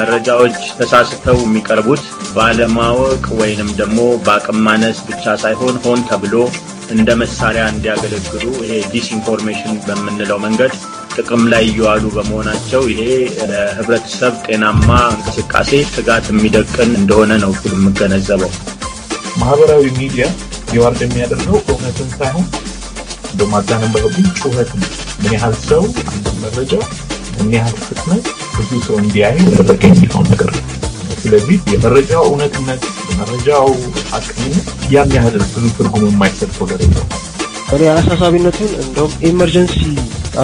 መረጃዎች ተሳስተው የሚቀርቡት ባለማወቅ ወይንም ደግሞ በአቅም ማነስ ብቻ ሳይሆን ሆን ተብሎ እንደ መሳሪያ እንዲያገለግሉ ይሄ ዲስኢንፎርሜሽን በምንለው መንገድ ጥቅም ላይ እየዋሉ በመሆናቸው ይሄ ለህብረተሰብ ጤናማ እንቅስቃሴ ስጋት የሚደቅን እንደሆነ ነው ሁሉም የምገነዘበው። ማህበራዊ ሚዲያ የዋርድ የሚያደርገው እውነትን ሳይሆን በማጋነን ጩኸት ነው። ምን ያህል ሰው መረጃ ምን ያህል ፍጥነት ብዙ ሰው እንዲያይ ያደረገ የሚለውን ነገር ነው። ስለዚህ የመረጃው እውነትነት የመረጃው አቅምነት ያን ያህል ብዙ ትርጉም የማይሰጠው ደረጃ እኔ አሳሳቢነቱን እንደውም ኤመርጀንሲ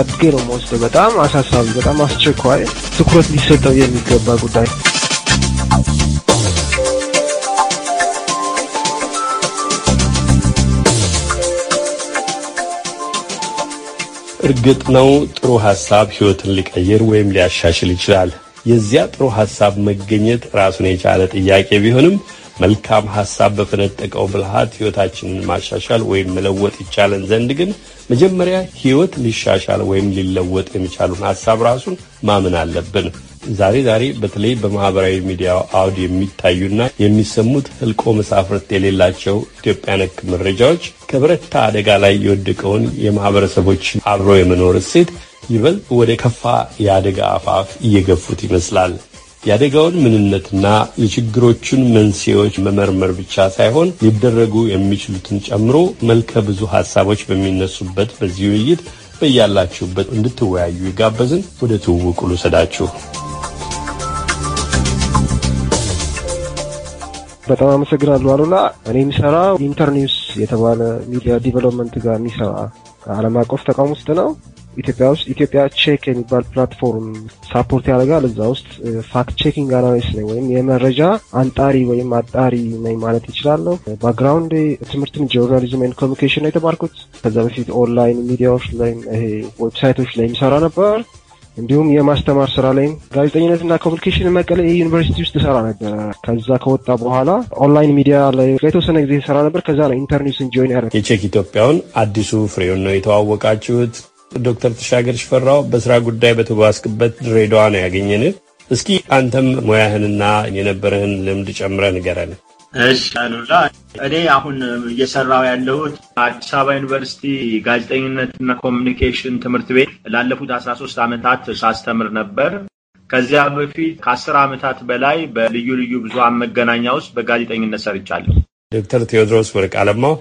አድጌ ነው መወስደው። በጣም አሳሳቢ፣ በጣም አስቸኳይ ትኩረት ሊሰጠው የሚገባ ጉዳይ እርግጥ ነው ጥሩ ሐሳብ ህይወትን ሊቀይር ወይም ሊያሻሽል ይችላል። የዚያ ጥሩ ሐሳብ መገኘት ራሱን የቻለ ጥያቄ ቢሆንም መልካም ሐሳብ በፈነጠቀው ብልሃት ህይወታችንን ማሻሻል ወይም መለወጥ ይቻለን ዘንድ ግን መጀመሪያ ህይወት ሊሻሻል ወይም ሊለወጥ የሚቻሉን ሐሳብ ራሱን ማመን አለብን። ዛሬ ዛሬ በተለይ በማህበራዊ ሚዲያ አውድ የሚታዩና የሚሰሙት ህልቆ መሳፍርት የሌላቸው ኢትዮጵያ ነክ መረጃዎች ከበረታ አደጋ ላይ የወደቀውን የማህበረሰቦች አብሮ የመኖር እሴት ይበልጥ ወደ ከፋ የአደጋ አፋፍ እየገፉት ይመስላል። የአደጋውን ምንነትና የችግሮቹን መንስኤዎች መመርመር ብቻ ሳይሆን ሊደረጉ የሚችሉትን ጨምሮ መልከ ብዙ ሀሳቦች በሚነሱበት በዚህ ውይይት በያላችሁበት እንድትወያዩ ይጋበዝን። ወደ ትውውቁ ልውሰዳችሁ። በጣም አመሰግናለሁ አሉላ። እኔ የሚሰራ ኢንተርኒውስ የተባለ ሚዲያ ዲቨሎፕመንት ጋር የሚሰራ ዓለም አቀፍ ተቋም ውስጥ ነው። ኢትዮጵያ ውስጥ ኢትዮጵያ ቼክ የሚባል ፕላትፎርም ሳፖርት ያደርጋል። እዛ ውስጥ ፋክት ቼኪንግ አናሊስት ነኝ ወይም የመረጃ አንጣሪ ወይም አጣሪ ነኝ ማለት ይችላለሁ። ባክግራውንድ ትምህርትም ጆርናሊዝም ኤንድ ኮሚኒኬሽን ነው የተማርኩት። ከዛ በፊት ኦንላይን ሚዲያዎች ላይ ይሄ ዌብሳይቶች ላይ የሚሰራ ነበር። እንዲሁም የማስተማር ስራ ላይም ጋዜጠኝነትና ኮሚኒኬሽን መቀሌ ዩኒቨርሲቲ ውስጥ እሰራ ነበር። ከዛ ከወጣ በኋላ ኦንላይን ሚዲያ ላይ የተወሰነ ጊዜ ሰራ ነበር። ከዛ ላይ ኢንተርኒውስን ጆይን ያደረ የቼክ ኢትዮጵያውን አዲሱ ፍሬውን ነው የተዋወቃችሁት። ዶክተር ተሻገር ሽፈራው በስራ ጉዳይ በተጓዝክበት ድሬዳዋ ነው ያገኘንህ። እስኪ አንተም ሙያህንና የነበረህን ልምድ ጨምረህ ንገረን። እሺ አሉላ፣ እኔ አሁን እየሰራው ያለሁት አዲስ አበባ ዩኒቨርሲቲ ጋዜጠኝነትና ኮሚኒኬሽን ትምህርት ቤት ላለፉት አስራ ሶስት ዓመታት ሳስተምር ነበር። ከዚያ በፊት ከአስር ዓመታት በላይ በልዩ ልዩ ብዙሃን መገናኛ ውስጥ በጋዜጠኝነት ሰርቻለሁ። ዶክተር ቴዎድሮስ ወርቅ አለማው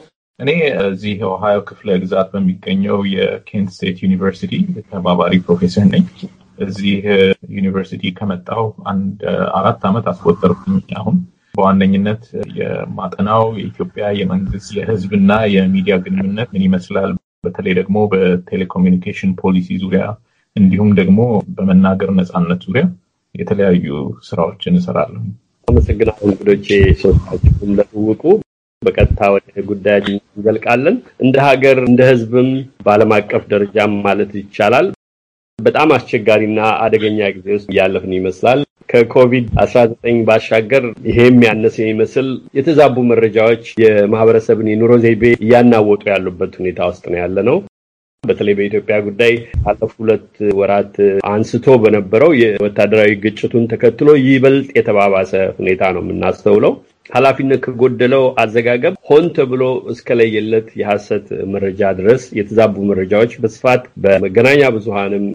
እኔ እዚህ ኦሃዮ ክፍለ ግዛት በሚገኘው የኬንት ስቴት ዩኒቨርሲቲ ተባባሪ ፕሮፌሰር ነኝ። እዚህ ዩኒቨርሲቲ ከመጣሁ አንድ አራት ዓመት አስቆጠርኩኝ አሁን በዋነኝነት የማጠናው የኢትዮጵያ የመንግስት የህዝብና የሚዲያ ግንኙነት ምን ይመስላል፣ በተለይ ደግሞ በቴሌኮሚኒኬሽን ፖሊሲ ዙሪያ እንዲሁም ደግሞ በመናገር ነፃነት ዙሪያ የተለያዩ ስራዎችን እንሰራለሁ። አመሰግናለሁ እንግዶቼ ሶስታችሁም ለትውቁ። በቀጥታ ወደ ጉዳያችን እንዘልቃለን። እንደ ሀገር እንደ ህዝብም በዓለም አቀፍ ደረጃም ማለት ይቻላል በጣም አስቸጋሪና አደገኛ ጊዜ ውስጥ እያለፍን ይመስላል። ከኮቪድ 19 ባሻገር ይሄም ያነሰ የሚመስል የተዛቡ መረጃዎች የማህበረሰብን የኑሮ ዘይቤ እያናወጡ ያሉበት ሁኔታ ውስጥ ነው ያለ ነው። በተለይ በኢትዮጵያ ጉዳይ አለፉ ሁለት ወራት አንስቶ በነበረው የወታደራዊ ግጭቱን ተከትሎ ይበልጥ የተባባሰ ሁኔታ ነው የምናስተውለው። ኃላፊነት ከጎደለው አዘጋገብ ሆን ተብሎ እስከለየለት የሐሰት መረጃ ድረስ የተዛቡ መረጃዎች በስፋት በመገናኛ ብዙኃንም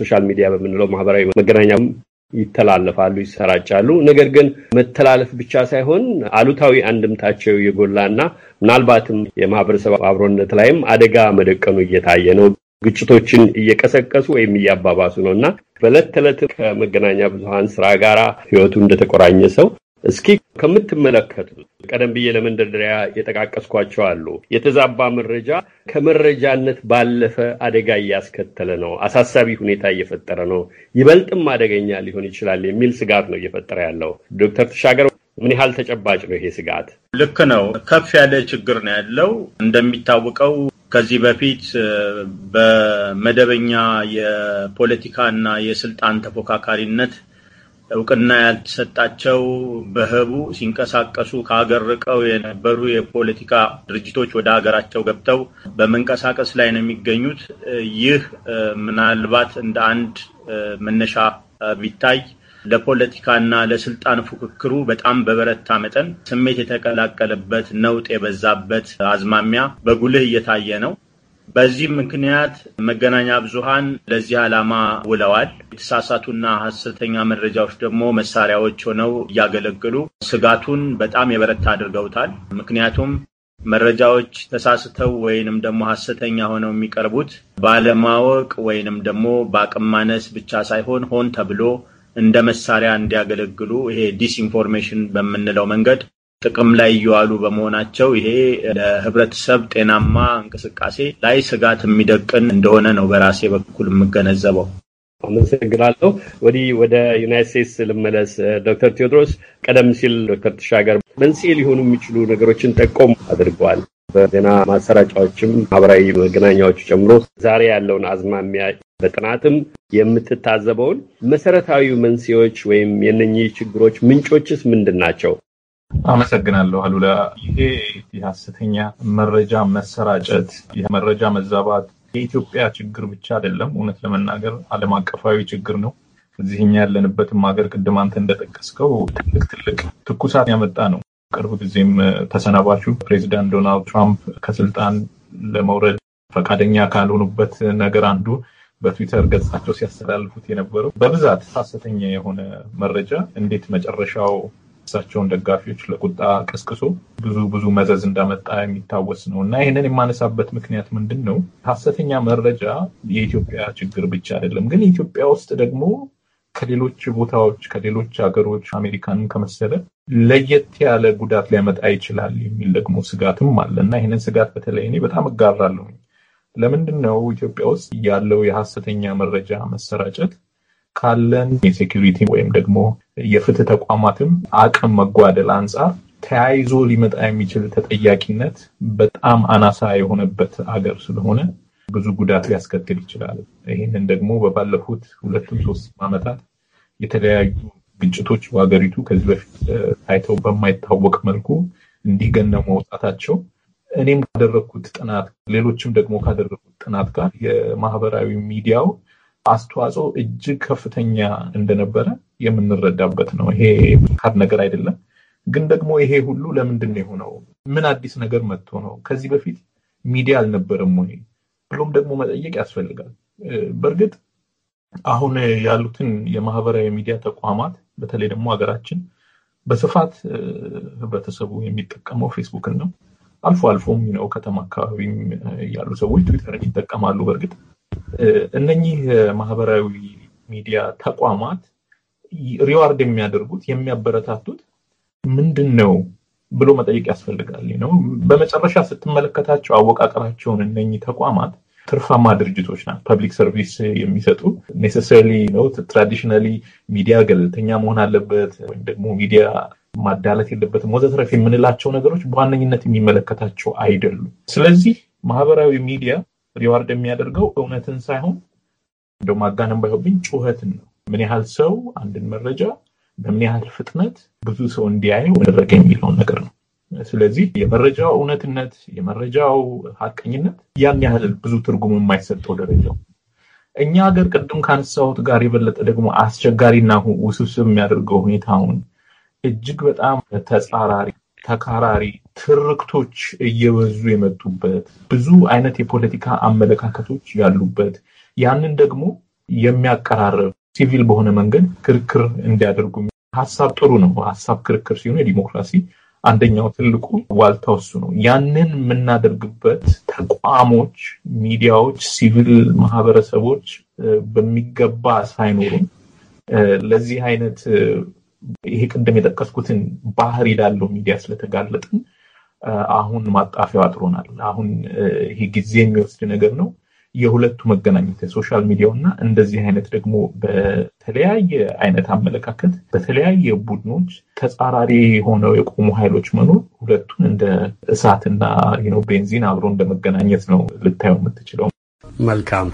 ሶሻል ሚዲያ በምንለው ማህበራዊ መገናኛም ይተላለፋሉ፣ ይሰራጫሉ። ነገር ግን መተላለፍ ብቻ ሳይሆን አሉታዊ አንድምታቸው የጎላና ምናልባትም የማህበረሰብ አብሮነት ላይም አደጋ መደቀኑ እየታየ ነው። ግጭቶችን እየቀሰቀሱ ወይም እያባባሱ ነው እና በዕለት ተዕለት ከመገናኛ ብዙሀን ስራ ጋር ህይወቱ እንደተቆራኘ ሰው እስኪ ከምትመለከቱት ቀደም ብዬ ለመንደርደሪያ የጠቃቀስኳቸው አሉ። የተዛባ መረጃ ከመረጃነት ባለፈ አደጋ እያስከተለ ነው፣ አሳሳቢ ሁኔታ እየፈጠረ ነው፣ ይበልጥም አደገኛ ሊሆን ይችላል የሚል ስጋት ነው እየፈጠረ ያለው። ዶክተር ተሻገር ምን ያህል ተጨባጭ ነው ይሄ ስጋት? ልክ ነው። ከፍ ያለ ችግር ነው ያለው። እንደሚታወቀው ከዚህ በፊት በመደበኛ የፖለቲካና የስልጣን ተፎካካሪነት እውቅና ያልተሰጣቸው በህቡ ሲንቀሳቀሱ ከሀገር ርቀው የነበሩ የፖለቲካ ድርጅቶች ወደ ሀገራቸው ገብተው በመንቀሳቀስ ላይ ነው የሚገኙት። ይህ ምናልባት እንደ አንድ መነሻ ቢታይ ለፖለቲካና ለስልጣን ፉክክሩ በጣም በበረታ መጠን ስሜት የተቀላቀለበት ነውጥ የበዛበት አዝማሚያ በጉልህ እየታየ ነው። በዚህ ምክንያት መገናኛ ብዙሃን ለዚህ ዓላማ ውለዋል። የተሳሳቱና ሐሰተኛ መረጃዎች ደግሞ መሳሪያዎች ሆነው እያገለገሉ ስጋቱን በጣም የበረታ አድርገውታል። ምክንያቱም መረጃዎች ተሳስተው ወይንም ደግሞ ሐሰተኛ ሆነው የሚቀርቡት ባለማወቅ ወይንም ደግሞ በአቅም ማነስ ብቻ ሳይሆን ሆን ተብሎ እንደ መሳሪያ እንዲያገለግሉ ይሄ ዲስኢንፎርሜሽን በምንለው መንገድ ጥቅም ላይ እየዋሉ በመሆናቸው ይሄ ለህብረተሰብ ጤናማ እንቅስቃሴ ላይ ስጋት የሚደቅን እንደሆነ ነው በራሴ በኩል የምገነዘበው። አመሰግናለሁ። ወዲህ ወደ ዩናይት ስቴትስ ልመለስ። ዶክተር ቴዎድሮስ ቀደም ሲል ዶክተር ተሻገር መንስኤ ሊሆኑ የሚችሉ ነገሮችን ጠቆም አድርገዋል። በዜና ማሰራጫዎችም ማህበራዊ መገናኛዎች ጨምሮ ዛሬ ያለውን አዝማሚያ በጥናትም የምትታዘበውን መሰረታዊ መንስኤዎች ወይም የነኚህ ችግሮች ምንጮችስ ምንድን ናቸው? አመሰግናለሁ አሉላ። ይሄ የሀሰተኛ መረጃ መሰራጨት፣ መረጃ መዛባት የኢትዮጵያ ችግር ብቻ አይደለም። እውነት ለመናገር ዓለም አቀፋዊ ችግር ነው። እዚህኛ ያለንበትም ሀገር ቅድም አንተ እንደጠቀስከው ትልቅ ትልቅ ትኩሳት ያመጣ ነው። ቅርብ ጊዜም ተሰናባቹ ፕሬዚዳንት ዶናልድ ትራምፕ ከስልጣን ለመውረድ ፈቃደኛ ካልሆኑበት ነገር አንዱ በትዊተር ገጻቸው ሲያስተላልፉት የነበረው በብዛት ሀሰተኛ የሆነ መረጃ እንዴት መጨረሻው እሳቸውን ደጋፊዎች ለቁጣ ቀስቅሶ ብዙ ብዙ መዘዝ እንዳመጣ የሚታወስ ነው እና ይህንን የማነሳበት ምክንያት ምንድን ነው? ሀሰተኛ መረጃ የኢትዮጵያ ችግር ብቻ አይደለም። ግን ኢትዮጵያ ውስጥ ደግሞ ከሌሎች ቦታዎች ከሌሎች ሀገሮች አሜሪካንን ከመሰለ ለየት ያለ ጉዳት ሊያመጣ ይችላል የሚል ደግሞ ስጋትም አለ እና ይህንን ስጋት በተለይ እኔ በጣም እጋራለሁ። ለምንድን ነው ኢትዮጵያ ውስጥ ያለው የሀሰተኛ መረጃ መሰራጨት ካለን የሴኪሪቲ ወይም ደግሞ የፍትህ ተቋማትም አቅም መጓደል አንጻር ተያይዞ ሊመጣ የሚችል ተጠያቂነት በጣም አናሳ የሆነበት አገር ስለሆነ ብዙ ጉዳት ሊያስከትል ይችላል። ይህንን ደግሞ በባለፉት ሁለትም ሶስት ዓመታት የተለያዩ ግጭቶች በሀገሪቱ ከዚህ በፊት ታይተው በማይታወቅ መልኩ እንዲገነው መውጣታቸው እኔም ካደረግኩት ጥናት ሌሎችም ደግሞ ካደረጉት ጥናት ጋር የማህበራዊ ሚዲያው አስተዋጽኦ እጅግ ከፍተኛ እንደነበረ የምንረዳበት ነው። ይሄ ካድ ነገር አይደለም። ግን ደግሞ ይሄ ሁሉ ለምንድን ነው የሆነው? ምን አዲስ ነገር መጥቶ ነው? ከዚህ በፊት ሚዲያ አልነበረም ወይ ብሎም ደግሞ መጠየቅ ያስፈልጋል። በእርግጥ አሁን ያሉትን የማህበራዊ ሚዲያ ተቋማት በተለይ ደግሞ ሀገራችን በስፋት ህብረተሰቡ የሚጠቀመው ፌስቡክን ነው። አልፎ አልፎም ነው ከተማ አካባቢም ያሉ ሰዎች ትዊተርን ይጠቀማሉ በእርግጥ እነኚህ ማህበራዊ ሚዲያ ተቋማት ሪዋርድ የሚያደርጉት የሚያበረታቱት ምንድን ነው ብሎ መጠየቅ ያስፈልጋል ነው። በመጨረሻ ስትመለከታቸው አወቃቀራቸውን እነኚህ ተቋማት ትርፋማ ድርጅቶች ናት ፐብሊክ ሰርቪስ የሚሰጡ ኔሰሰሪ ነው። ትራዲሽናሊ ሚዲያ ገለልተኛ መሆን አለበት ወይም ደግሞ ሚዲያ ማዳለት የለበትም ወዘተረፍ የምንላቸው ነገሮች በዋነኝነት የሚመለከታቸው አይደሉም። ስለዚህ ማህበራዊ ሚዲያ ሪዋርድ የሚያደርገው እውነትን ሳይሆን እንደ ማጋነን ባይሆብኝ ጩኸትን ነው። ምን ያህል ሰው አንድን መረጃ በምን ያህል ፍጥነት ብዙ ሰው እንዲያየው አደረገ የሚለውን ነገር ነው። ስለዚህ የመረጃው እውነትነት፣ የመረጃው ሀቀኝነት ያን ያህል ብዙ ትርጉም የማይሰጠው ደረጃው እኛ ሀገር ቅድም ካነሳሁት ጋር የበለጠ ደግሞ አስቸጋሪና ውስብስብ የሚያደርገው ሁኔታውን እጅግ በጣም ተጻራሪ ተካራሪ ትርክቶች እየበዙ የመጡበት ብዙ አይነት የፖለቲካ አመለካከቶች ያሉበት ያንን ደግሞ የሚያቀራርብ ሲቪል በሆነ መንገድ ክርክር እንዲያደርጉ ሀሳብ ጥሩ ነው። ሀሳብ ክርክር ሲሆን የዲሞክራሲ አንደኛው ትልቁ ዋልታው እሱ ነው። ያንን የምናደርግበት ተቋሞች፣ ሚዲያዎች፣ ሲቪል ማህበረሰቦች በሚገባ ሳይኖሩም ለዚህ አይነት ይሄ ቅድም የጠቀስኩትን ባህር ይላለው ሚዲያ ስለተጋለጥን አሁን ማጣፊያው አጥሮናል። አሁን ይሄ ጊዜ የሚወስድ ነገር ነው። የሁለቱ መገናኘት የሶሻል ሚዲያው እና እንደዚህ አይነት ደግሞ በተለያየ አይነት አመለካከት በተለያየ ቡድኖች ተጻራሪ ሆነው የቆሙ ኃይሎች መኖር ሁለቱን እንደ እሳትና ቤንዚን አብሮ እንደመገናኘት ነው ልታየው የምትችለው። መልካም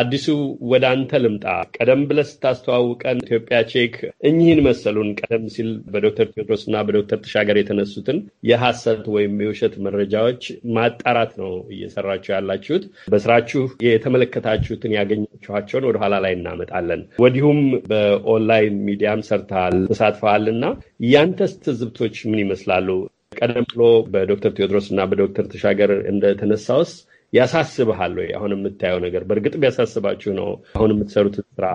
አዲሱ ወደ አንተ ልምጣ። ቀደም ብለህ ስታስተዋውቀን ኢትዮጵያ ቼክ እኚህን መሰሉን ቀደም ሲል በዶክተር ቴዎድሮስ እና በዶክተር ተሻገር የተነሱትን የሐሰት ወይም የውሸት መረጃዎች ማጣራት ነው እየሰራችሁ ያላችሁት። በስራችሁ የተመለከታችሁትን ያገኛችኋቸውን ወደኋላ ላይ እናመጣለን። ወዲሁም በኦንላይን ሚዲያም ሰርተሃል፣ ተሳትፈሃል እና ያንተስ ትዝብቶች ምን ይመስላሉ? ቀደም ብሎ በዶክተር ቴዎድሮስ እና በዶክተር ተሻገር እንደተነሳውስ ያሳስብሃል ወይ? አሁን የምታየው ነገር በእርግጥ ቢያሳስባችሁ ነው አሁን የምትሰሩት ስራ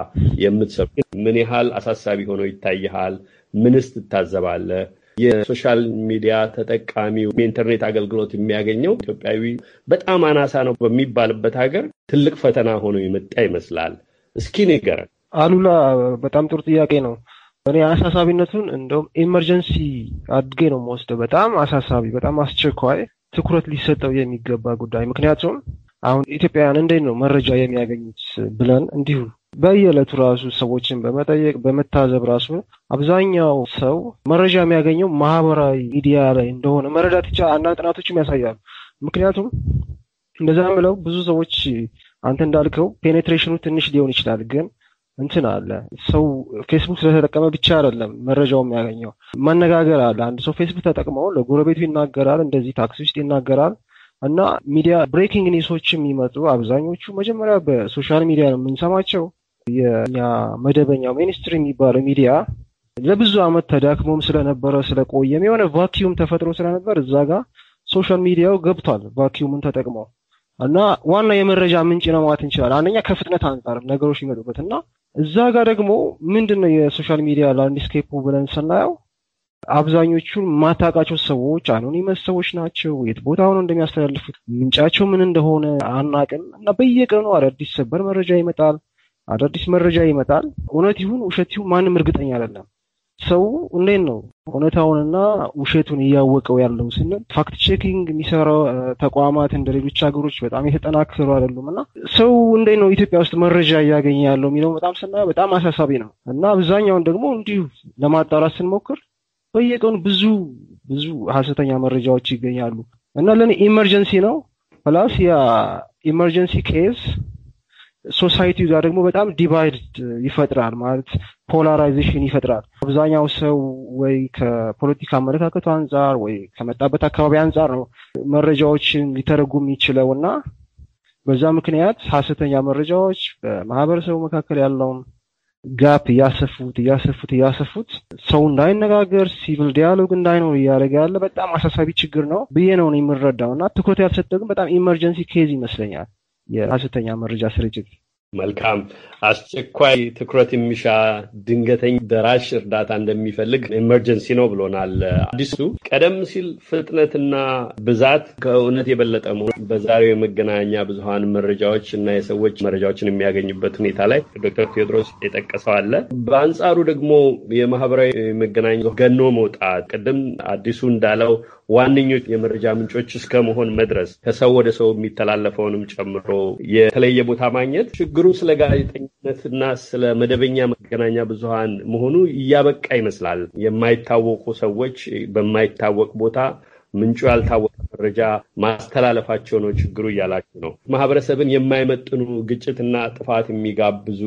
የምትሰሩ ምን ያህል አሳሳቢ ሆኖ ይታይሃል? ምንስ ትታዘባለህ? የሶሻል ሚዲያ ተጠቃሚው የኢንተርኔት አገልግሎት የሚያገኘው ኢትዮጵያዊ በጣም አናሳ ነው በሚባልበት ሀገር ትልቅ ፈተና ሆኖ የመጣ ይመስላል። እስኪ ንገረን አሉላ። በጣም ጥሩ ጥያቄ ነው። እኔ አሳሳቢነቱን እንደውም ኤመርጀንሲ አድጌ ነው የምወስደው። በጣም አሳሳቢ፣ በጣም አስቸኳይ ትኩረት ሊሰጠው የሚገባ ጉዳይ ምክንያቱም አሁን ኢትዮጵያውያን እንዴት ነው መረጃ የሚያገኙት ብለን እንዲሁ በየዕለቱ ራሱ ሰዎችን በመጠየቅ በመታዘብ ራሱ አብዛኛው ሰው መረጃ የሚያገኘው ማህበራዊ ሚዲያ ላይ እንደሆነ መረዳት ይቻላል። አንዳንድ ጥናቶችም ያሳያሉ። ምክንያቱም እንደዛ ምለው ብዙ ሰዎች አንተ እንዳልከው ፔኔትሬሽኑ ትንሽ ሊሆን ይችላል፣ ግን እንትን አለ። ሰው ፌስቡክ ስለተጠቀመ ብቻ አይደለም መረጃው የሚያገኘው፣ መነጋገር አለ። አንድ ሰው ፌስቡክ ተጠቅመው ለጎረቤቱ ይናገራል፣ እንደዚህ ታክሲ ውስጥ ይናገራል። እና ሚዲያ ብሬኪንግ ኒውሶች የሚመጡ አብዛኞቹ መጀመሪያ በሶሻል ሚዲያ ነው የምንሰማቸው። የኛ መደበኛው ሚኒስትሪ የሚባለው ሚዲያ ለብዙ ዓመት ተዳክሞም ስለነበረ ስለቆየም የሆነ ቫኪዩም ተፈጥሮ ስለነበር እዛ ጋር ሶሻል ሚዲያው ገብቷል ቫኪዩምን ተጠቅመው እና ዋና የመረጃ ምንጭ ነው ማለት እንችላል። አንደኛ ከፍጥነት አንጻርም ነገሮች የሚመጡበት እና እዛ ጋር ደግሞ ምንድን ነው የሶሻል ሚዲያ ላንድስኬፑ ብለን ስናየው አብዛኞቹን ማታቃቸው ሰዎች አኖኒመስ ሰዎች ናቸው። የት ቦታ ሆነው እንደሚያስተላልፉት ምንጫቸው ምን እንደሆነ አናቅም እና በየቀኑ አዳዲስ ሰበር መረጃ ይመጣል፣ አዳዲስ መረጃ ይመጣል። እውነት ይሁን ውሸት ይሁን ማንም እርግጠኛ አይደለም። ሰው እንዴት ነው እውነታውንና ውሸቱን እያወቀው ያለው ስንል ፋክት ቼኪንግ የሚሰራ ተቋማት እንደ ሌሎች ሀገሮች በጣም የተጠናከሩ አይደሉም እና ሰው እንዴት ነው ኢትዮጵያ ውስጥ መረጃ እያገኘ ያለው የሚለው በጣም ስና በጣም አሳሳቢ ነው እና አብዛኛውን ደግሞ እንዲሁ ለማጣራት ስንሞክር በየቀኑ ብዙ ብዙ ሀሰተኛ መረጃዎች ይገኛሉ እና ለእኔ ኢመርጀንሲ ነው ፕላስ ያ ኢመርጀንሲ ኬዝ ሶሳይቲ ጋር ደግሞ በጣም ዲቫይድ ይፈጥራል ማለት ፖላራይዜሽን ይፈጥራል። አብዛኛው ሰው ወይ ከፖለቲካ አመለካከቱ አንጻር ወይ ከመጣበት አካባቢ አንጻር ነው መረጃዎችን ሊተረጉም ይችለው እና በዛ ምክንያት ሀሰተኛ መረጃዎች በማህበረሰቡ መካከል ያለውን ጋፕ እያሰፉት እያሰፉት እያሰፉት ሰው እንዳይነጋገር ሲቪል ዲያሎግ እንዳይኖር እያደረገ ያለ በጣም አሳሳቢ ችግር ነው ብዬ ነው የምረዳው እና ትኩረት ያልሰጠ ግን በጣም ኢመርጀንሲ ኬዝ ይመስለኛል። የሀሰተኛ መረጃ ስርጭት። መልካም አስቸኳይ ትኩረት የሚሻ ድንገተኛ ደራሽ እርዳታ እንደሚፈልግ ኤመርጀንሲ ነው ብሎናል። አዲሱ ቀደም ሲል ፍጥነትና ብዛት ከእውነት የበለጠ መሆን በዛሬው የመገናኛ ብዙኃን መረጃዎች እና የሰዎች መረጃዎችን የሚያገኙበት ሁኔታ ላይ ዶክተር ቴዎድሮስ የጠቀሰው አለ። በአንጻሩ ደግሞ የማህበራዊ መገናኛ ገኖ መውጣት ቅድም አዲሱ እንዳለው ዋነኞች የመረጃ ምንጮች እስከ መሆን መድረስ ከሰው ወደ ሰው የሚተላለፈውንም ጨምሮ የተለየ ቦታ ማግኘት ችግሩ ስለ ጋዜጠኝነትና ስለ መደበኛ መገናኛ ብዙሃን መሆኑ እያበቃ ይመስላል። የማይታወቁ ሰዎች በማይታወቅ ቦታ ምንጩ ያልታወቀ መረጃ ማስተላለፋቸው ነው ችግሩ እያላችሁ ነው። ማህበረሰብን የማይመጥኑ ግጭትና ጥፋት የሚጋብዙ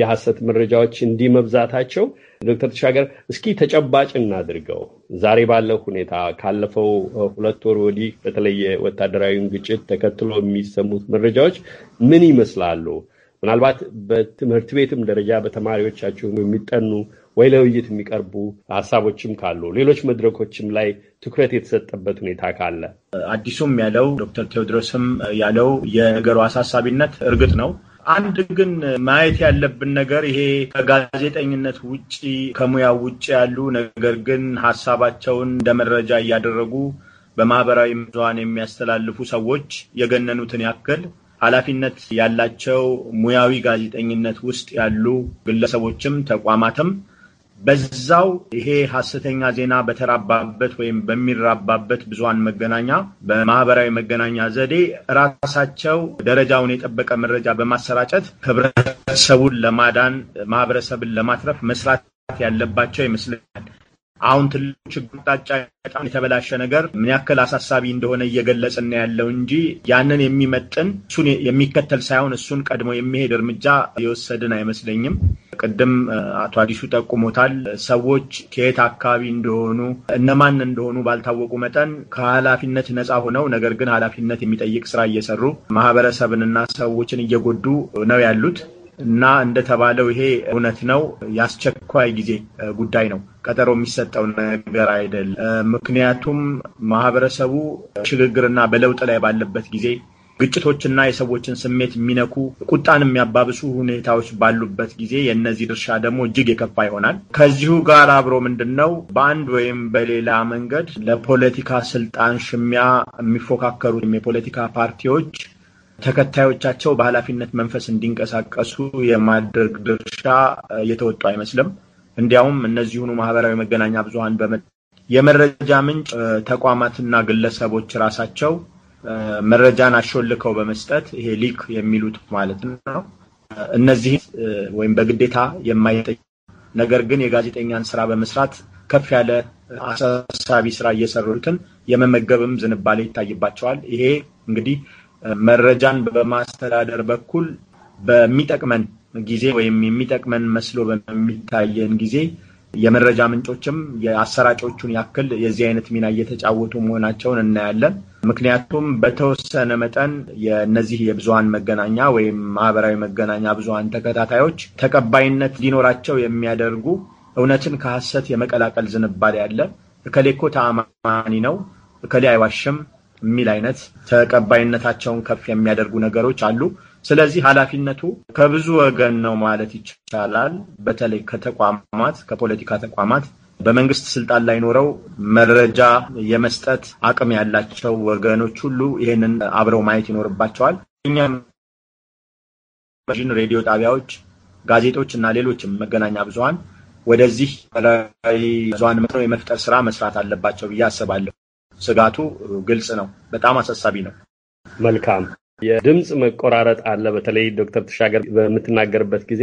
የሐሰት መረጃዎች እንዲህ መብዛታቸው ዶክተር ተሻገር እስኪ ተጨባጭ እናድርገው። ዛሬ ባለው ሁኔታ ካለፈው ሁለት ወር ወዲህ በተለይ ወታደራዊ ግጭት ተከትሎ የሚሰሙት መረጃዎች ምን ይመስላሉ? ምናልባት በትምህርት ቤትም ደረጃ በተማሪዎቻችሁ የሚጠኑ ወይ ለውይይት የሚቀርቡ ሀሳቦችም ካሉ ሌሎች መድረኮችም ላይ ትኩረት የተሰጠበት ሁኔታ ካለ አዲሱም ያለው ዶክተር ቴዎድሮስም ያለው የነገሩ አሳሳቢነት እርግጥ ነው አንድ ግን ማየት ያለብን ነገር ይሄ ከጋዜጠኝነት ውጭ ከሙያው ውጭ ያሉ ነገር ግን ሀሳባቸውን እንደ መረጃ እያደረጉ በማህበራዊ ብዙሃን የሚያስተላልፉ ሰዎች የገነኑትን ያክል ኃላፊነት ያላቸው ሙያዊ ጋዜጠኝነት ውስጥ ያሉ ግለሰቦችም ተቋማትም በዛው ይሄ ሀሰተኛ ዜና በተራባበት ወይም በሚራባበት ብዙሃን መገናኛ በማህበራዊ መገናኛ ዘዴ ራሳቸው ደረጃውን የጠበቀ መረጃ በማሰራጨት ህብረተሰቡን ለማዳን ማህበረሰብን ለማትረፍ መስራት ያለባቸው ይመስለኛል። አሁን ትልቁ ችግር አቅጣጫ በጣም የተበላሸ ነገር ምን ያክል አሳሳቢ እንደሆነ እየገለጽን ያለው እንጂ ያንን የሚመጥን እሱን የሚከተል ሳይሆን እሱን ቀድሞ የሚሄድ እርምጃ የወሰድን አይመስለኝም። ቅድም አቶ አዲሱ ጠቁሞታል። ሰዎች ከየት አካባቢ እንደሆኑ እነማን እንደሆኑ ባልታወቁ መጠን ከኃላፊነት ነፃ ሆነው ነገር ግን ኃላፊነት የሚጠይቅ ስራ እየሰሩ ማህበረሰብንና ሰዎችን እየጎዱ ነው ያሉት። እና እንደተባለው ይሄ እውነት ነው። የአስቸኳይ ጊዜ ጉዳይ ነው። ቀጠሮ የሚሰጠው ነገር አይደለም። ምክንያቱም ማህበረሰቡ ሽግግርና በለውጥ ላይ ባለበት ጊዜ ግጭቶችና የሰዎችን ስሜት የሚነኩ ቁጣን የሚያባብሱ ሁኔታዎች ባሉበት ጊዜ የእነዚህ ድርሻ ደግሞ እጅግ የከፋ ይሆናል። ከዚሁ ጋር አብሮ ምንድን ነው በአንድ ወይም በሌላ መንገድ ለፖለቲካ ስልጣን ሽሚያ የሚፎካከሩ የፖለቲካ ፓርቲዎች ተከታዮቻቸው በኃላፊነት መንፈስ እንዲንቀሳቀሱ የማድረግ ድርሻ እየተወጡ አይመስልም። እንዲያውም እነዚሁኑ ማህበራዊ መገናኛ በመ የመረጃ ምንጭ ተቋማትና ግለሰቦች ራሳቸው መረጃን አሾልከው በመስጠት ይሄ ሊክ የሚሉት ማለት ነው። እነዚህ ወይም በግዴታ የማይጠይቅ ነገር ግን የጋዜጠኛን ስራ በመስራት ከፍ ያለ አሳሳቢ ስራ እየሰሩትን የመመገብም ዝንባሌ ይታይባቸዋል። ይሄ እንግዲህ መረጃን በማስተዳደር በኩል በሚጠቅመን ጊዜ ወይም የሚጠቅመን መስሎ በሚታየን ጊዜ የመረጃ ምንጮችም የአሰራጮቹን ያክል የዚህ አይነት ሚና እየተጫወቱ መሆናቸውን እናያለን። ምክንያቱም በተወሰነ መጠን የእነዚህ የብዙሀን መገናኛ ወይም ማህበራዊ መገናኛ ብዙሀን ተከታታዮች ተቀባይነት ሊኖራቸው የሚያደርጉ እውነትን ከሐሰት የመቀላቀል ዝንባሌ ያለ እከሌ እኮ ተአማኒ ነው፣ እከሌ አይዋሽም፣ የሚል አይነት ተቀባይነታቸውን ከፍ የሚያደርጉ ነገሮች አሉ። ስለዚህ ኃላፊነቱ ከብዙ ወገን ነው ማለት ይቻላል። በተለይ ከተቋማት ከፖለቲካ ተቋማት በመንግስት ስልጣን ላይ ኖረው መረጃ የመስጠት አቅም ያላቸው ወገኖች ሁሉ ይህንን አብረው ማየት ይኖርባቸዋል። እኛም ሬዲዮ ጣቢያዎች፣ ጋዜጦች እና ሌሎችም መገናኛ ብዙሀን ወደዚህ ብዙኃን የመፍጠር ስራ መስራት አለባቸው ብዬ አስባለሁ። ስጋቱ ግልጽ ነው። በጣም አሳሳቢ ነው። መልካም የድምፅ መቆራረጥ አለ። በተለይ ዶክተር ተሻገር በምትናገርበት ጊዜ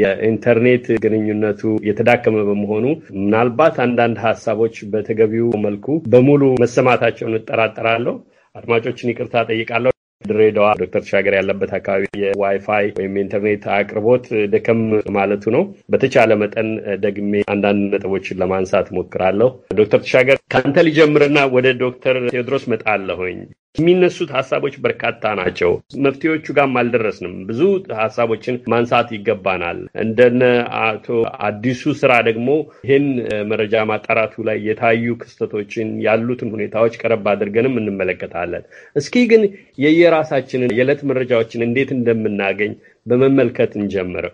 የኢንተርኔት ግንኙነቱ የተዳከመ በመሆኑ ምናልባት አንዳንድ ሀሳቦች በተገቢው መልኩ በሙሉ መሰማታቸውን እጠራጠራለሁ። አድማጮችን ይቅርታ ጠይቃለሁ። ድሬዳዋ ዶክተር ተሻገር ያለበት አካባቢ የዋይፋይ ወይም የኢንተርኔት አቅርቦት ደከም ማለቱ ነው። በተቻለ መጠን ደግሜ አንዳንድ ነጥቦችን ለማንሳት ሞክራለሁ። ዶክተር ተሻገር ከአንተ ሊጀምርና ወደ ዶክተር ቴዎድሮስ መጣለሁኝ። የሚነሱት ሀሳቦች በርካታ ናቸው። መፍትሄዎቹ ጋርም አልደረስንም። ብዙ ሀሳቦችን ማንሳት ይገባናል። እንደነ አቶ አዲሱ ስራ ደግሞ ይህን መረጃ ማጣራቱ ላይ የታዩ ክስተቶችን ያሉትን ሁኔታዎች ቀረብ አድርገንም እንመለከታለን። እስኪ ግን የየራ የራሳችንን የዕለት መረጃዎችን እንዴት እንደምናገኝ በመመልከት እንጀምር።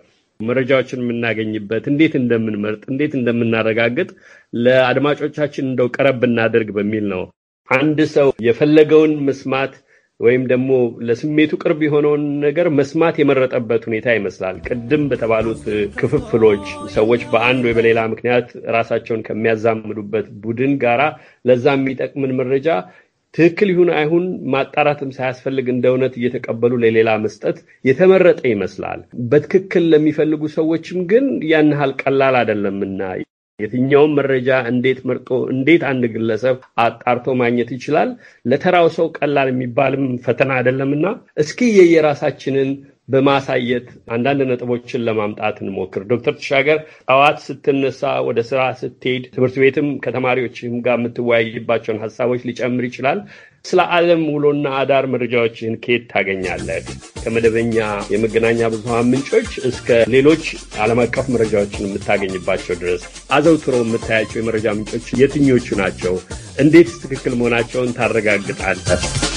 መረጃዎችን የምናገኝበት እንዴት እንደምንመርጥ፣ እንዴት እንደምናረጋግጥ ለአድማጮቻችን እንደው ቀረብ እናደርግ በሚል ነው። አንድ ሰው የፈለገውን መስማት ወይም ደግሞ ለስሜቱ ቅርብ የሆነውን ነገር መስማት የመረጠበት ሁኔታ ይመስላል። ቅድም በተባሉት ክፍፍሎች ሰዎች በአንድ ወይ በሌላ ምክንያት ራሳቸውን ከሚያዛምዱበት ቡድን ጋራ ለዛ የሚጠቅምን መረጃ ትክክል ይሁን አይሁን ማጣራትም ሳያስፈልግ እንደ እውነት እየተቀበሉ ለሌላ መስጠት የተመረጠ ይመስላል። በትክክል ለሚፈልጉ ሰዎችም ግን ያን ያህል ቀላል አይደለምና የትኛውም መረጃ እንዴት መርጦ እንዴት አንድ ግለሰብ አጣርቶ ማግኘት ይችላል? ለተራው ሰው ቀላል የሚባልም ፈተና አይደለምና እስኪ የየራሳችንን በማሳየት አንዳንድ ነጥቦችን ለማምጣት እንሞክር። ዶክተር ተሻገር ጠዋት ስትነሳ፣ ወደ ስራ ስትሄድ፣ ትምህርት ቤትም ከተማሪዎችም ጋር የምትወያይባቸውን ሀሳቦች ሊጨምር ይችላል። ስለ ዓለም ውሎና አዳር መረጃዎችን ከየት ታገኛለህ? ከመደበኛ የመገናኛ ብዙሃን ምንጮች እስከ ሌሎች ዓለም አቀፍ መረጃዎችን የምታገኝባቸው ድረስ አዘውትሮ የምታያቸው የመረጃ ምንጮች የትኞቹ ናቸው? እንዴት ትክክል መሆናቸውን ታረጋግጣለህ?